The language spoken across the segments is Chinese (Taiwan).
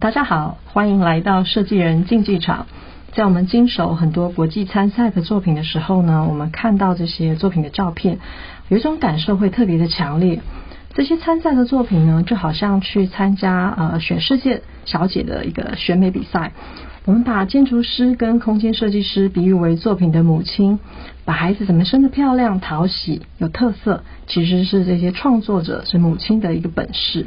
大家好，歡迎來到設計人競技場。在我們經手很多國際參賽的作品的時候呢，我們看到這些作品的照片，有一種感受會特別的強烈。這些參賽的作品呢，就好像去參加呃選世界小姐的一個選美比賽。我們把建築師跟空間設計師比喻為作品的母親，把孩子怎麼生得漂亮、討喜、有特色，其實是這些創作者是母親的一個本事。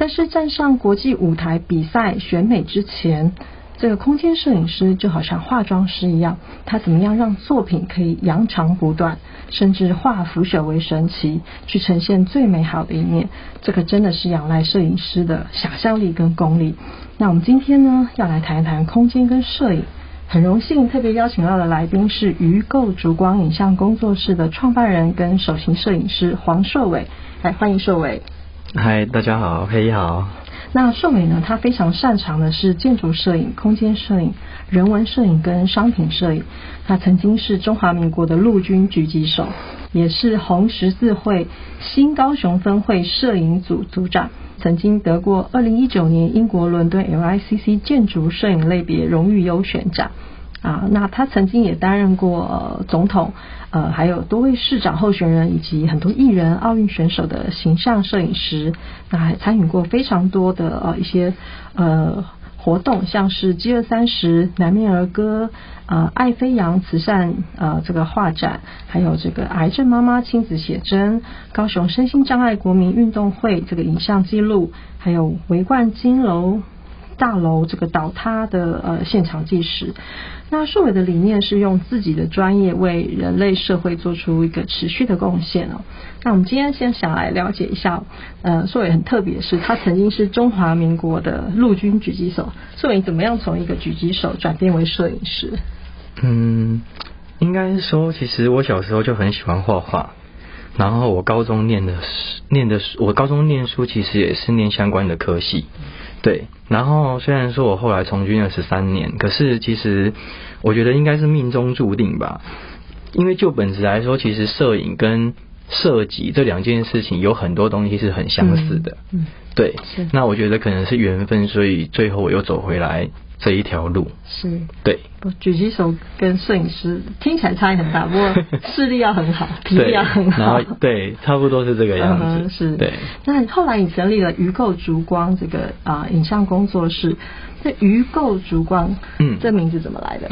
但是站上國際舞台比賽選美之前，這個空間攝影師就好像化妝師一樣，他怎麼樣讓作品可以揚長補短，甚至化腐朽為神奇，去呈現最美好的一面？這個真的是仰賴攝影師的想象力跟功力。那我們今天呢要來談一談空間跟攝影。很榮幸特別邀請到的來賓是魚構逐光影像工作室的創辦人跟首席攝影師黃碩偉，來歡迎碩偉。嗨，大家好，嘿，你好。那碩偉呢？他非常擅長的是建築攝影、空間攝影、人文攝影跟商品攝影。他曾經是中華民國的陸軍狙擊手，也是紅十字會新高雄分會攝影組組，組長，曾經得過二零一九年英國倫敦 LICC 建築攝影類別榮譽優選獎。啊，那他曾經也擔任過、呃、總統，呃，還有多位市長候選人以及很多藝人、奧運選手的形象攝影師，那還參與過非常多的呃一些呃活動，像是饑餓三十、南面兒歌、呃愛飛揚慈善呃這個畫展，還有這個癌症媽媽親子寫真、高雄身心障礙國民運動會這個影像記錄，還有維冠金樓。大樓這個倒塌的呃現場紀實。那碩偉的理念是用自己的專業為人類社會做出一個持續的貢獻哦。那我們今天先想來了解一下，呃，碩偉很特別的是，他曾經是中華民國的陸軍狙擊手。碩偉怎麼樣從一個狙擊手轉變為攝影師？嗯，應該說，其實我小時候就很喜歡畫畫，然後我高中念的念的我高中念書其實也是念相關的科系。對，然後雖然說我後來從軍了十三年，可是其實我覺得應該是命中注定吧。因為就本質來說，其實攝影跟設計這兩件事情有很多東西是很相似的。嗯，嗯對，是那我覺得可能是緣分，所以最後我又走回來。這一條路是，對，狙擊手跟攝影師聽起來差異很大，不過視力要很好， 體力要很好，然後對，差不多是這個樣子。嗯、是，對。那後來你成立了魚構逐光這個啊、呃、影像工作室，那魚構逐光，嗯，這名字怎麼來的？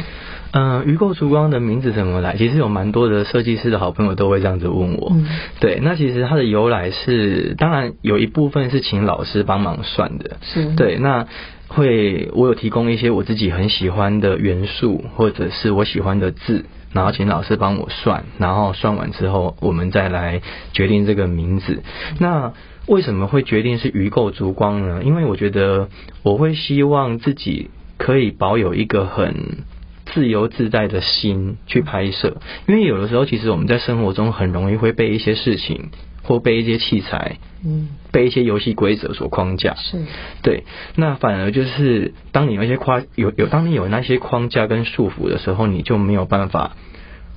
嗯、呃、魚構逐光的名字怎麼來？其實有蠻多的設計師的好朋友都會這樣子問我。嗯、對，那其實它的由來是，當然有一部分是請老師幫忙算的。是，對，那。會，我有提供一些我自己很喜歡的元素，或者是我喜歡的字，然後請老師幫我算，然後算完之後，我們再來決定這個名字。那為什麼會決定是魚構逐光呢？因為我覺得我會希望自己可以保有一個很自由自在的心去拍攝，因為有的時候其實我們在生活中很容易會被一些事情。或被一些器材，嗯，被一些遊戲規則所框架，是對。那反而就是當你有一些框有有當你有那些框架跟束縛的時候，你就沒有辦法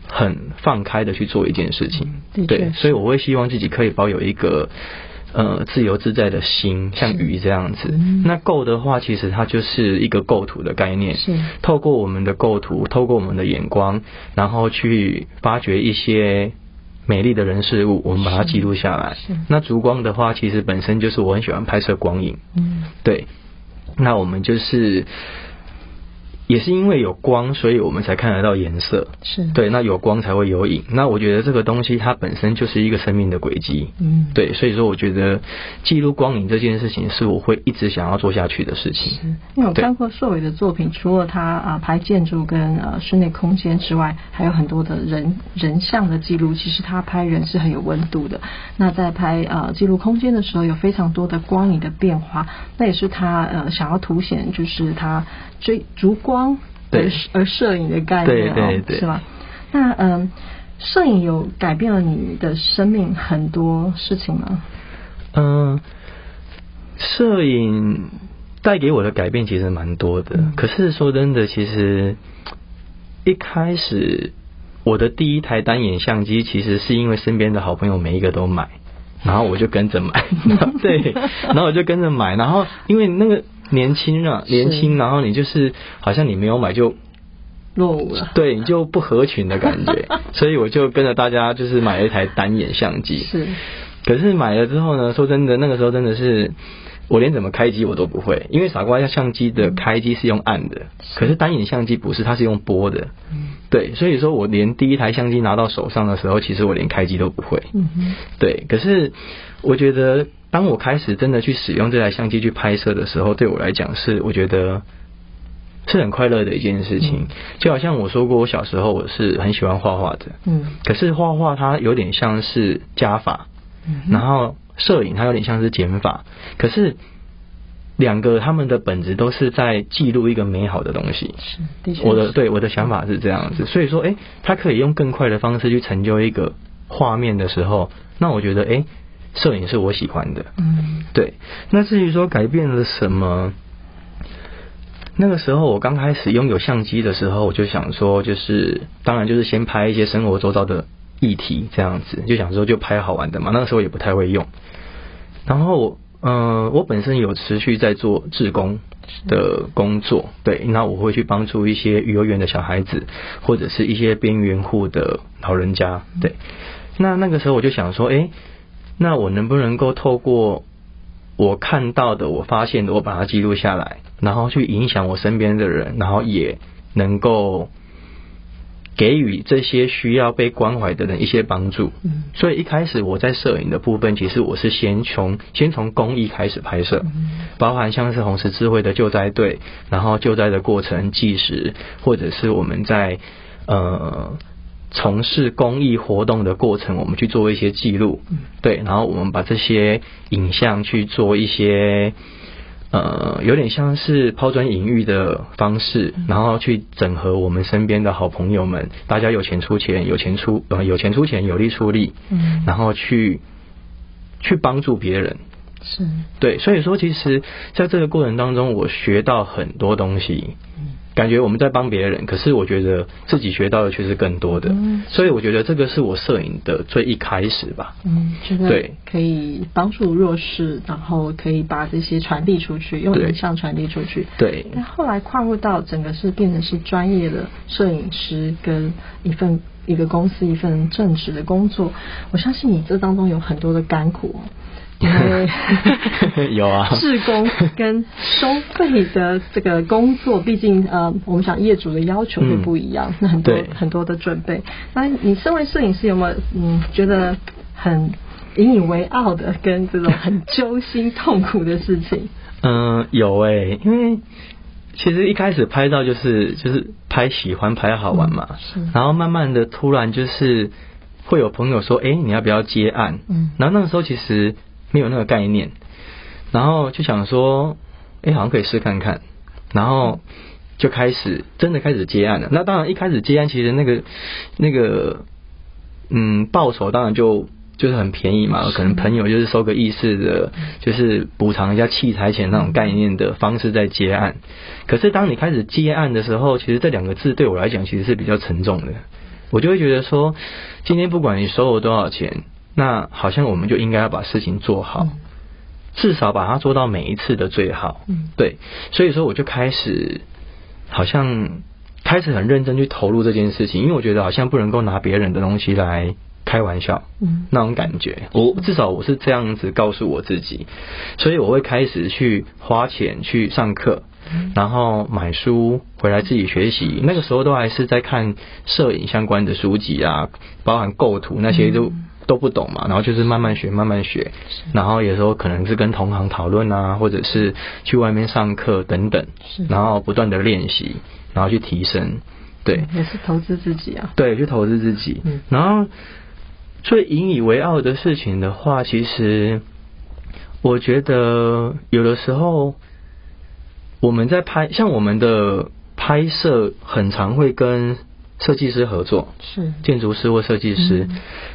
很放開的去做一件事情。嗯、對。是所以我會希望自己可以保有一個呃自由自在的心，像魚這樣子。是那構的話，其實它就是一個構圖的概念，是透過我們的構圖，透過我們的眼光，然後去發掘一些。美麗的人事物，我們把它記錄下來。那逐光的話，其實本身就是我很喜歡拍攝光影。嗯，對。那我們就是。也是因為有光，所以我們才看得到顏色。是對，那有光才會有影。那我覺得這個東西它本身就是一個生命的軌跡。嗯，對，所以說我覺得記錄光影這件事情是我會一直想要做下去的事情。是因為我看過碩偉的作品，對除了他啊、呃、拍建築跟呃室內空間之外，還有很多的人人像的記錄。其實他拍人是很有溫度的。那在拍呃記錄空間的時候，有非常多的光影的變化，那也是他呃想要凸顯，就是他追逐光。Oh, 對，對。而攝影的概念，對對對，是吧？那嗯，攝影有改變了你的生命很多事情嗎？嗯、呃，攝影帶給我的改變其實蠻多的。嗯、可是說真的，其實一開始我的第一台單眼相機，其實是因為身邊的好朋友每一個都買，然後我就跟着買。 對，然後我就跟着買，然後因為那個。年輕了、啊，年輕，是然後你就是好像你沒有買就落伍了，對，你就不合群的感覺， 所以我就跟着大家就是買了一台單眼相機。 是，可是買了之後呢，說真的，那個時候真的是。我連怎麼開機我都不會，因為傻瓜相相機的開機是用按的，可是單眼相機不是，它是用撥的。對，所以說我連第一台相機拿到手上的時候，其實我連開機都不會。對，可是我覺得，當我開始真的去使用這台相機去拍攝的時候，對我來講是我覺得是很快樂的一件事情。就好像我說過，我小時候我是很喜歡畫畫的。嗯。可是畫畫它有點像是加法。然後攝影它有點像是減法，可是兩個他們的本質都是在記錄一個美好的東西。是，的確是。我的，對，我的想法是這樣子。所以說，哎，他可以用更快的方式去成就一個畫面的時候，那我覺得，哎，攝影是我喜歡的。嗯，對。那至於說改變了什麼，那個時候我剛開始擁有相機的時候，我就想說，就是當然就是先拍一些生活周遭的。議題這樣子，就想說就拍好玩的嘛，那個時候也不太會用。然後，嗯、呃，我本身有持續在做志工的工作，的對，那我會去幫助一些幼兒園的小孩子，或者是一些邊緣戶的老人家，對。嗯、那那個時候我就想說，哎、欸，那我能不能夠透過我看到的、我發現的，我把它記錄下來，然後去影響我身邊的人，然後也能夠。給予這些需要被關懷的人一些幫助。嗯，所以一開始我在攝影的部分，其實我是先從先從公益開始拍攝，包含像是紅十字會的救災隊，然後救災的過程紀實，或者是我們在呃從事公益活動的過程，我們去做一些記錄。嗯，對，然後我們把這些影像去做一些。呃，有點像是拋磚引玉的方式，然後去整合我們身邊的好朋友們，大家有錢出錢，有錢出，呃，有錢出錢，有力出力，嗯，然後去去幫助別人，是對，所以說其實在這個過程當中，我學到很多東西。感覺我們在幫別人，可是我覺得自己學到的卻是更多的，嗯、所以我覺得這個是我攝影的最一開始吧。嗯，對，可以幫助弱勢，對然後可以把這些傳遞出去，用影像傳遞出去。對。那後來跨入到整個是變成是專業的攝影師，跟一份一個公司一份正職的工作，我相信你這當中有很多的甘苦。因 有啊，施工跟收費的這個工作，畢竟呃，我們想業主的要求會不一樣，嗯、那很多對 很多的準備。那你身為攝影師，有沒有嗯覺得很引以為傲的，跟這種很揪心痛苦的事情？嗯，有誒、欸，因為其實一開始拍照就是就是拍喜歡拍好玩嘛，嗯、然後慢慢的突然就是會有朋友說，哎、欸，你要不要接案？嗯，然後那個時候其實。沒有那個概念，然後就想說，哎，好像可以試看看，然後就開始真的開始接案了。那當然一開始接案，其實那個那個，嗯，報酬當然就就是很便宜嘛，可能朋友就是收個意思的，就是補償一下器材錢那種概念的方式在接案。可是當你開始接案的時候，其實這兩個字對我來講其實是比較沉重的，我就會覺得說，今天不管你收我多少錢。那好像我們就應該要把事情做好，嗯、至少把它做到每一次的最好。嗯，對，所以說我就開始，好像開始很認真去投入這件事情，因為我覺得好像不能夠拿別人的東西來開玩笑。嗯，那種感覺，我、嗯、至少我是這樣子告訴我自己，所以我會開始去花錢去上課，嗯、然後買書回來自己學習。嗯、那個時候都還是在看攝影相關的書籍啊，包含構圖那些都。嗯都不懂嘛，然後就是慢慢學，慢慢學，是然後有時候可能是跟同行討論啊，或者是去外面上課等等，是然後不斷的練習，然後去提升，對，嗯，也是投資自己啊，對，去投資自己，嗯，然後最引以為傲的事情的話，其實我覺得有的時候我們在拍，像我們的拍攝，很常會跟設計師合作，是建築師或設計師，嗯，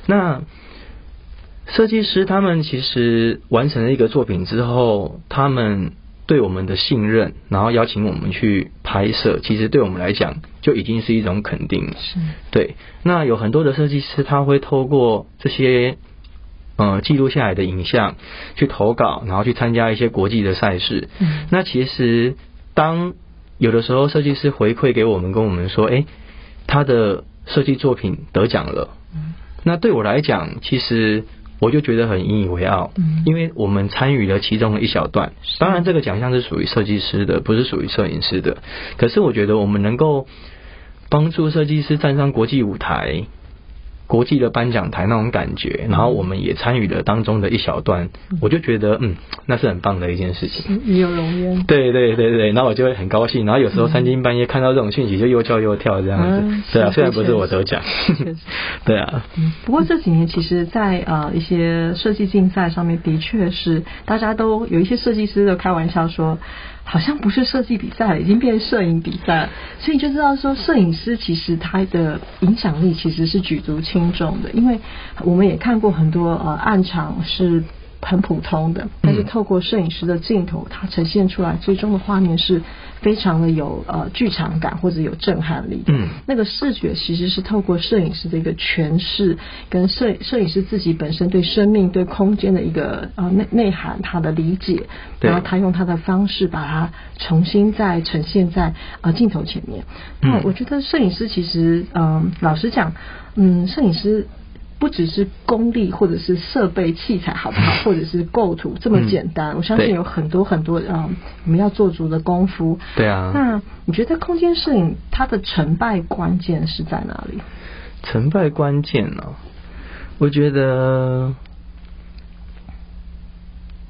那設計師他們其實完成了一個作品之後，他們對我們的信任，然後邀請我們去拍攝，其實對我們來講就已經是一種肯定。是對。那有很多的設計師，他會透過這些呃記錄下來的影像去投稿，然後去參加一些國際的賽事。嗯，那其實當有的時候，設計師回饋給我們，跟我們說，哎。他的設計作品得獎了，那對我來講，其實我就覺得很引以為傲，因為我們參與了其中一小段。當然，這個獎項是屬於設計師的，不是屬於攝影師的。可是，我覺得我們能夠幫助設計師站上國際舞台。國際的頒獎台那種感覺，然後我們也參與了當中的一小段，嗯、我就覺得嗯，那是很棒的一件事情，與有榮焉。對對對對，然後我就會很高興，然後有時候三更半夜看到這種訊息就又叫又跳這樣子，嗯嗯、對啊，雖然不是我得獎， 對啊、嗯。不過這幾年其實在，在呃一些設計競賽上面，的確是大家都有一些設計師都開玩笑說。好像不是設計比賽，已經變成攝影比賽，所以就知道說，攝影師其實他的影響力其實是舉足輕重的，因為我們也看過很多呃暗場是。很普通的，但是透過攝影師的鏡頭，它、嗯、呈現出來最終的畫面是非常的有呃劇場感或者有震撼力。嗯，那個視覺其實是透過攝影師的一個詮釋，跟攝攝影師自己本身對生命、對空間的一個呃內內涵，他的理解，對然後他用他的方式把它重新再呈現在呃鏡頭前面。那、嗯、我覺得攝影師其實，嗯、呃，老實講，嗯，攝影師。不只是功力或者是設備器材好不好，或者是構圖、 嗯、這麼簡單，我相信有很多很多，對嗯，我們要做足的功夫。對啊。那你覺得空間攝影它的成敗關鍵是在哪裡？成敗關鍵呢、啊？我覺得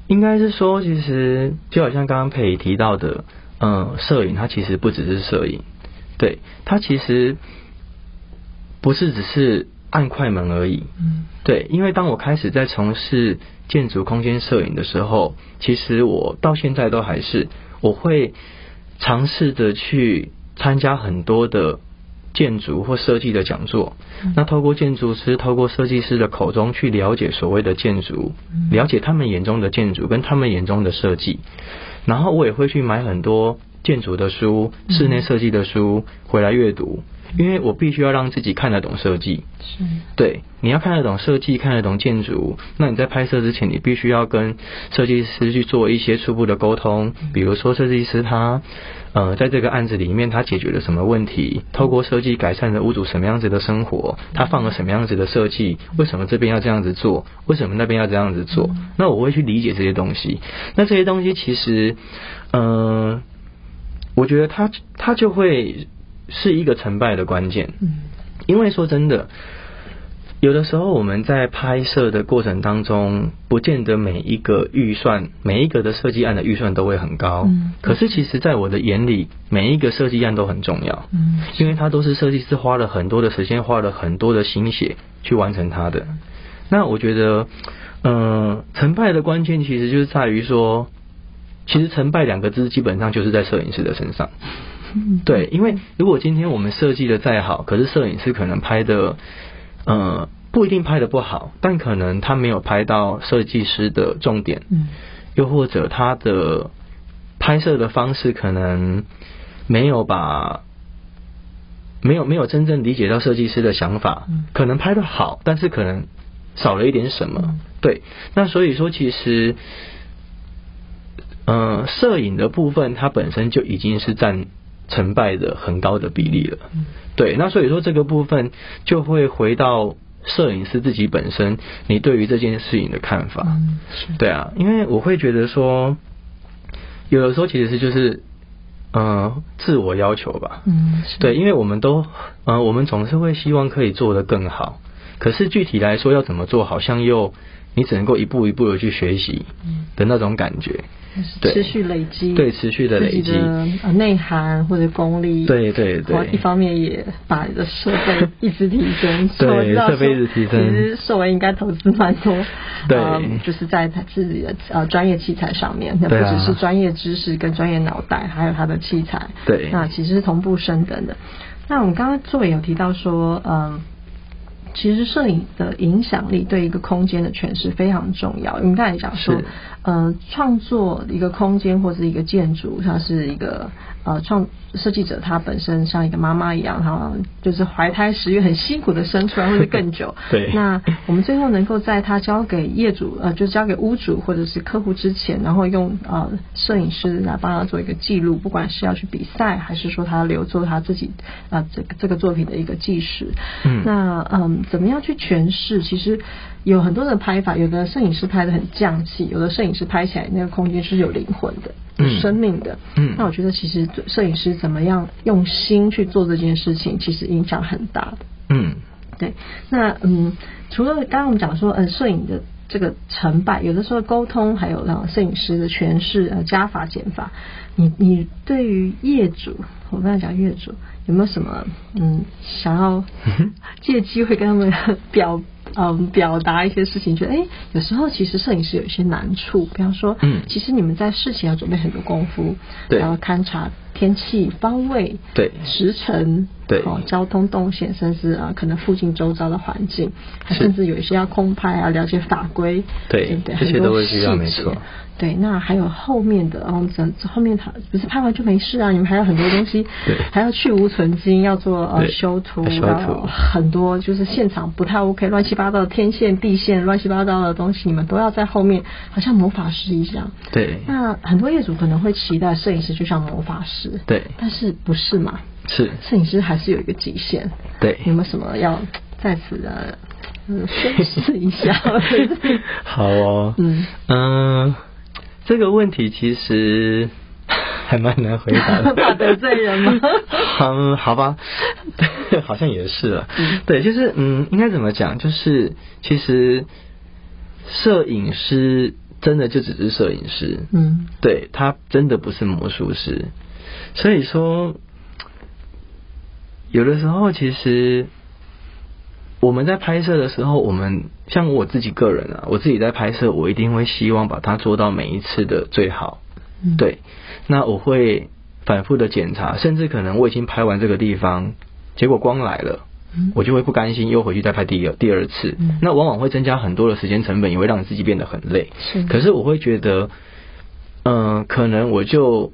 應該是說，其實就好像剛剛佩儀提到的，嗯，攝影它其實不只是攝影，對它其實不是只是。按快門而已。嗯，對，因為當我開始在從事建築空間攝影的時候，其實我到現在都還是我會嘗試着去參加很多的建築或設計的講座。那透過建築師、透過設計師的口中去了解所謂的建築，了解他們眼中的建築跟他們眼中的設計。然後我也會去買很多建築的書、室內設計的書回來閱讀。因為我必須要讓自己看得懂設計，是，對，你要看得懂設計，看得懂建築，那你在拍攝之前，你必須要跟設計師去做一些初步的溝通，比如說設計師他，呃，在這個案子裡面他解決了什麼問題，透過設計改善了屋主什麼樣子的生活，他放了什麼樣子的設計，為什麼這邊要這樣子做，為什麼那邊要這樣子做，那我會去理解這些東西，那這些東西其實，嗯、呃，我覺得他他就會。是一個成敗的關鍵，因為說真的，有的時候我們在拍攝的過程當中，不見得每一個預算、每一個的設計案的預算都會很高，可是其實在我的眼裡，每一個設計案都很重要，因為它都是設計師花了很多的時間、花了很多的心血去完成它的。那我覺得，嗯、呃，成敗的關鍵其實就是在於說，其實成敗兩個字基本上就是在攝影師的身上。嗯，對，因為如果今天我們設計的再好，可是攝影師可能拍的，呃，不一定拍的不好，但可能他沒有拍到設計師的重點，嗯，又或者他的拍攝的方式可能沒有把沒有沒有真正理解到設計師的想法，嗯，可能拍的好，但是可能少了一點什麼，對，那所以說其實，嗯、呃，攝影的部分它本身就已經是占。成敗的很高的比例了，對，那所以說這個部分就會回到攝影師自己本身，你對於這件事情的看法，嗯、對啊，因為我會覺得說，有的時候其實就是，嗯、呃，自我要求吧，嗯、對，因為我們都，嗯、呃，我們總是會希望可以做得更好。可是具體來說要怎麼做，好像又你只能夠一步一步的去學習的那種感覺，對，持續累積，對持續的累積的內涵或者功力，對對對，對對一方面也把你的設備一直提升， 對設備一直提升，其實設備應該投資蠻多，對、嗯，就是在自己的呃專業器材上面，啊、不只是專業知識跟專業腦袋，還有他的器材，對，那其實是同步升等的。那我們剛剛作為有提到說，嗯。其實攝影的影響力對一個空間的詮釋非常重要。我們剛才講說，是呃，創作一個空間或者是一個建築，它是一個。呃，創設計者他本身像一個媽媽一樣，哈、啊，就是懷胎十月很辛苦的生出來，或者更久。 對。那我們最後能夠在他交給業主，呃，就交給屋主或者是客戶之前，然後用呃攝影師來幫他做一個記錄，不管是要去比賽，還是說他留作他自己啊，這、呃、個，這個作品的一個紀實。嗯，那。那嗯，怎麼樣去詮釋？其實有很多的拍法，有的攝影師拍的很匠氣，有的攝影師拍起來那個空間是有靈魂的。生命的，嗯嗯、那我覺得其實攝影師怎麼樣用心去做這件事情，其實影響很大。嗯，對。那嗯，除了剛剛我們講說，呃，攝影的這個成敗，有的時候溝通，還有攝影師的詮釋，呃，加法減法。你你對於業主，我剛才講業主，有沒有什麼嗯想要借機會跟他們表？嗯嗯，表達一些事情，就哎、欸，有時候其實攝影師有一些難處，比方說，嗯，其實你們在事前要準備很多功夫，對然後勘察。天氣、方位、對時辰、對交通動線，甚至啊可能附近周遭的環境，還甚至有一些要空拍啊，了解法規，對對，這些都會需要，沒錯。對，那還有後面的，然後整後面它不是拍完就沒事啊，你們還有很多東西，對還要去蕪存菁，要做呃修圖，修圖很多就是現場不太 OK，亂七八糟的天線地線亂七八糟的東西，你們都要在後面，好像魔法師一樣。對，那很多業主可能會期待攝影師就像魔法師。對，但是不是嘛？是攝影師還是有一個極限？對，有沒有什麼要在此的嗯宣示一下？ 好哦，嗯嗯、呃，這個問題其實還蠻難回答的， 怕得罪人嗎？ 嗯，好吧，好像也是了。嗯、對，就是嗯，應該怎麼講？就是其實攝影師真的就只是攝影師，嗯，對他真的不是魔術師。所以說，有的時候其實我們在拍攝的時候，我們像我自己個人啊，我自己在拍攝，我一定會希望把它做到每一次的最好。嗯、對，那我會反覆的檢查，甚至可能我已經拍完這個地方，結果光來了，嗯、我就會不甘心又回去再拍第二第二次。嗯、那往往會增加很多的時間成本，也會讓你自己變得很累。是的，可是我會覺得，嗯、呃，可能我就。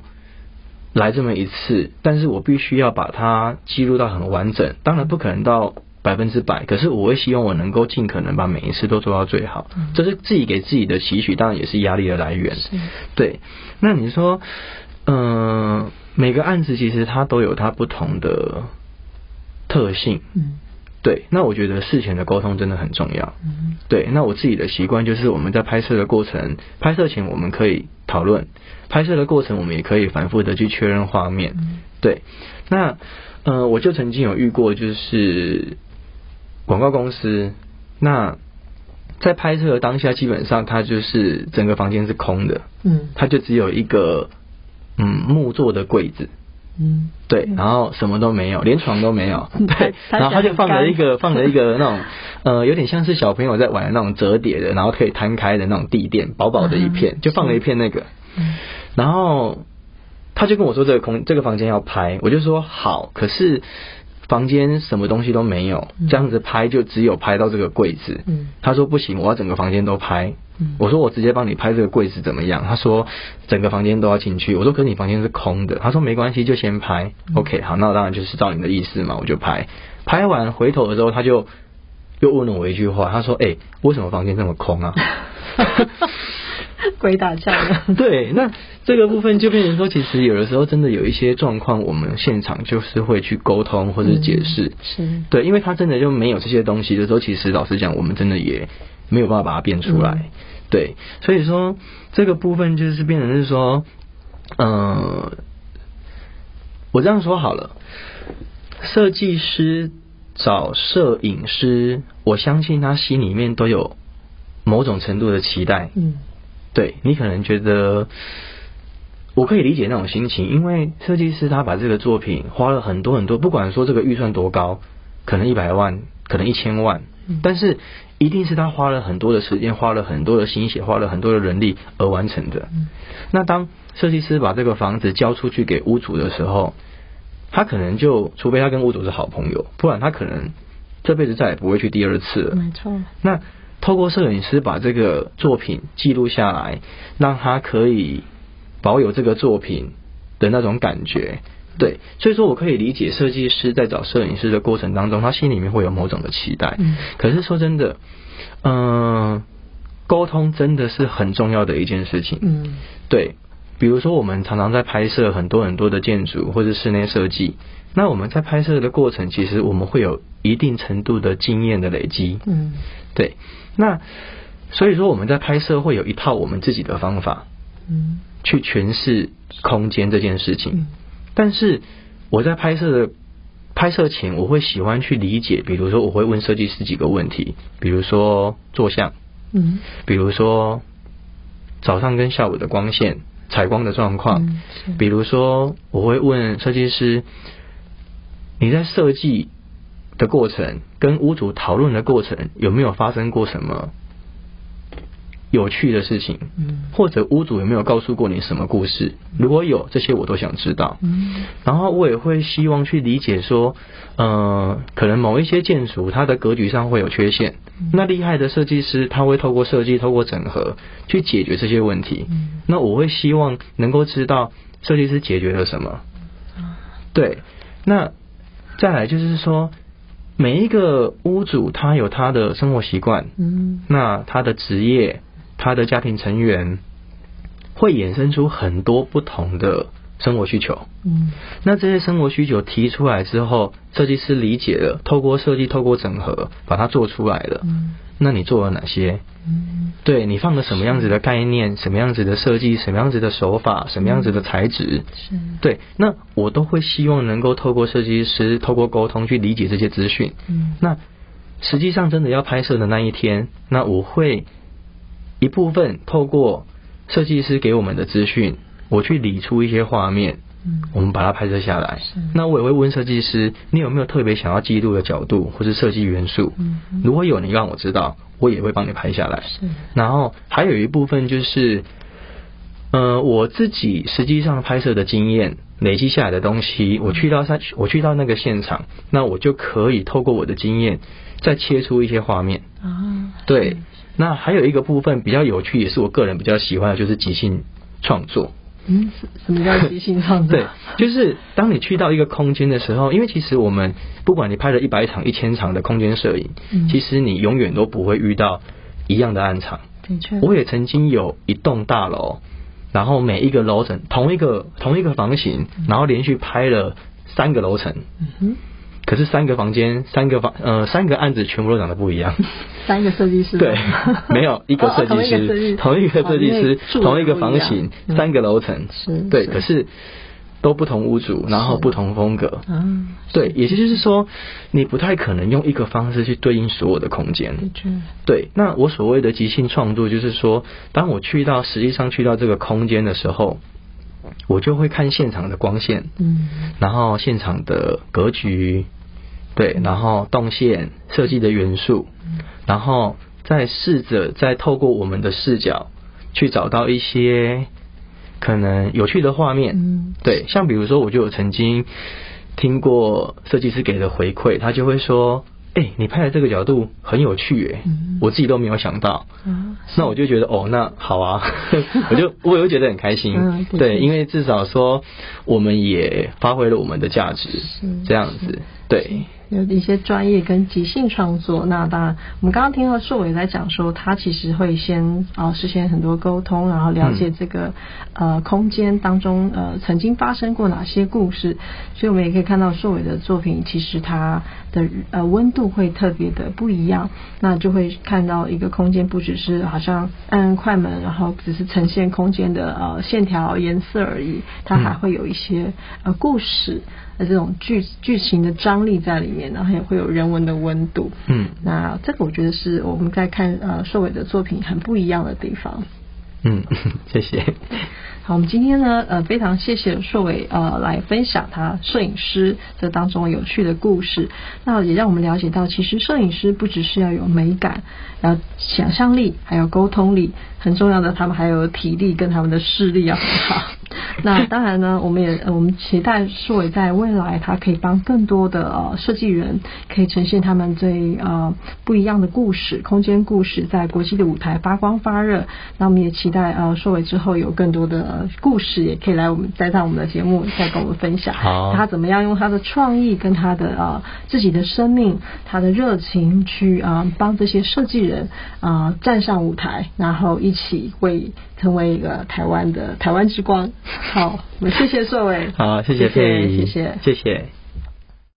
來這麼一次，但是我必須要把它記錄到很完整，當然不可能到百分之百，可是我會希望我能夠盡可能把每一次都做到最好，這是自己給自己的期許，當然也是壓力的來源。是對，那你說，嗯、呃，每個案子其實它都有它不同的特性。嗯。對，那我覺得事前的溝通真的很重要。嗯，對，那我自己的習慣就是我們在拍攝的過程，拍攝前我們可以討論，拍攝的過程我們也可以反覆的去確認畫面。嗯，對，那呃，我就曾經有遇過，就是廣告公司，那在拍攝的當下基本上它就是整個房間是空的，嗯，它就只有一個嗯木做的櫃子。嗯，對，對然後什麼都沒有，連床都沒有，對，對然後他就放了一個放了一個那種， 呃，有點像是小朋友在玩的那種折疊的，然後可以攤開的那種地墊，薄薄的一片，啊、就放了一片那個，是然後他就跟我說這個空、嗯、這個房間要拍，我就說好，可是房間什麼東西都沒有，這樣子拍就只有拍到這個櫃子，嗯、他說不行，我要整個房間都拍。我說我直接幫你拍這個櫃子怎麼樣？他說整個房間都要進去。我說可是你房間是空的。他說沒關係，就先拍。OK，好，那我當然就是照你的意思嘛，我就拍。拍完回頭的時候，他就又問了我一句話，他說：“哎、欸，為什麼房間這麼空啊？” 鬼打架了。 對，那這個部分就變成說，其實有的時候真的有一些狀況，我們現場就是會去溝通或者解釋。嗯、是，對，因為他真的就沒有這些東西的時候，其實老實講，我們真的也。沒有辦法把它變出來，嗯、對，所以說這個部分就是變成是說，嗯、呃，我這樣說好了，設計師找攝影師，我相信他心裡面都有某種程度的期待，嗯，對，你可能覺得，我可以理解那種心情，因為設計師他把這個作品花了很多很多，不管說這個預算多高，可能一百萬，可能一千萬。但是，一定是他花了很多的時間，花了很多的心血，花了很多的人力而完成的。那當設計師把這個房子交出去給屋主的時候，他可能就除非他跟屋主是好朋友，不然他可能這輩子再也不會去第二次了。沒錯。那透過攝影師把這個作品記錄下來，讓他可以保有這個作品的那種感覺。對，所以說我可以理解設計師在找攝影師的過程當中，他心裡面會有某種的期待。嗯。可是說真的，嗯、呃，溝通真的是很重要的一件事情。嗯。對，比如說我們常常在拍攝很多很多的建築或者室內設計，那我們在拍攝的過程，其實我們會有一定程度的經驗的累積。嗯。對，那所以說我們在拍攝會有一套我們自己的方法。嗯。去詮釋空間這件事情。嗯但是我在拍攝的拍攝前，我會喜歡去理解，比如說我會問設計師幾個問題，比如說坐向，嗯，比如說早上跟下午的光線，採光的狀況，比如說我會問設計師，你在設計的過程跟屋主討論的過程有沒有發生過什麼？有趣的事情，或者屋主有沒有告訴過你什麼故事？如果有，這些我都想知道。然後我也會希望去理解說，呃，可能某一些建築它的格局上會有缺陷，那厲害的設計師他會透過設計、透過整合去解決這些問題。那我會希望能夠知道設計師解決了什麼。對，那再來就是說，每一個屋主他有他的生活習慣，那他的職業。他的家庭成員會衍生出很多不同的生活需求。嗯，那這些生活需求提出來之後，設計師理解了，透過設計，透過整合，把它做出來了。嗯，那你做了哪些？嗯，對你放了什麼樣子的概念？是什麼樣子的設計？什麼樣子的手法？什麼樣子的材質？嗯，對，那我都會希望能夠透過設計師，透過溝通去理解這些資訊。嗯，那實際上真的要拍攝的那一天，那我會。一部分透過設計師給我們的資訊，我去理出一些畫面，嗯，我們把它拍攝下來。是，那我也會問設計師，你有沒有特別想要記錄的角度或是設計元素？嗯，如果有，你讓我知道，我也會幫你拍下來。是，然後還有一部分就是，呃，我自己實際上拍攝的經驗累積下來的東西，嗯、我去到三，我去到那個現場，那我就可以透過我的經驗再切出一些畫面。啊、哦，對。嗯那還有一個部分比較有趣，也是我個人比較喜歡的，就是即興創作。嗯，什麼叫即興創作？ 對，就是當你去到一個空間的時候，因為其實我們不管你拍了一百場、一千場的空間攝影，其實你永遠都不會遇到一樣的案場。的確、嗯。我也曾經有一棟大樓，然後每一個樓層同一個同一個房型，然後連續拍了三個樓層。嗯哼。可是三個房間，三個房，呃，三個案子全部都長得不一樣。三個設計師。對，沒有一個設計師，同一個設計師，同一個房型，嗯、三個樓層，是，對，是，可是都不同屋主，然後不同風格。嗯，啊、對，也就是說，你不太可能用一個方式去對應所有的空間。對，那我所謂的即興創作，就是說，當我去到實際上去到這個空間的時候。我就會看現場的光線，嗯，然後現場的格局，對，然後動線設計的元素，嗯，然後再試着再透過我們的視角去找到一些可能有趣的畫面，嗯，對，像比如說，我就有曾經聽過設計師給的回饋，他就會說。哎、欸，你拍的這個角度很有趣哎，嗯、我自己都沒有想到。嗯、那我就覺得是哦，那好啊， 我就我也覺得很開心。 嗯、對，對，因為至少說，我們也發揮了我們的價值，是這樣子是對。有一些專業跟即興創作，那當然，我們剛剛聽到碩偉在講說，他其實會先啊事先很多溝通，然後了解這個、嗯、呃空間當中呃曾經發生過哪些故事，所以我們也可以看到碩偉的作品，其實它的呃溫度會特別的不一樣，那就會看到一個空間不只是好像按快門，然後只是呈現空間的呃線條顏色而已，它還會有一些、嗯、呃故事，那這種劇劇情的張力在裡面，然後也會有人文的溫度。嗯，那這個我覺得是我們在看呃碩偉的作品很不一樣的地方。嗯，謝謝。好，我們今天呢呃非常謝謝碩偉呃來分享他攝影師這當中有趣的故事。那也讓我們了解到，其實攝影師不只是要有美感，然後想象力，還有溝通力，很重要的他們還有體力跟他們的視力要很好。 那當然呢，我們也我們期待碩偉在未來，他可以幫更多的呃設計人，可以呈現他們最呃不一樣的故事，空間故事在國際的舞台發光發熱。那我們也期待呃碩偉之後有更多的、呃、故事，也可以來我們再上我們的節目，再跟我們分享好他怎麼樣用他的創意跟他的呃自己的生命，他的熱情去啊、呃、幫這些設計人啊、呃、站上舞台，然後一起為。成為一個台灣的台灣之光。好，我們謝謝碩偉。好，謝謝，謝謝，對謝謝。謝謝。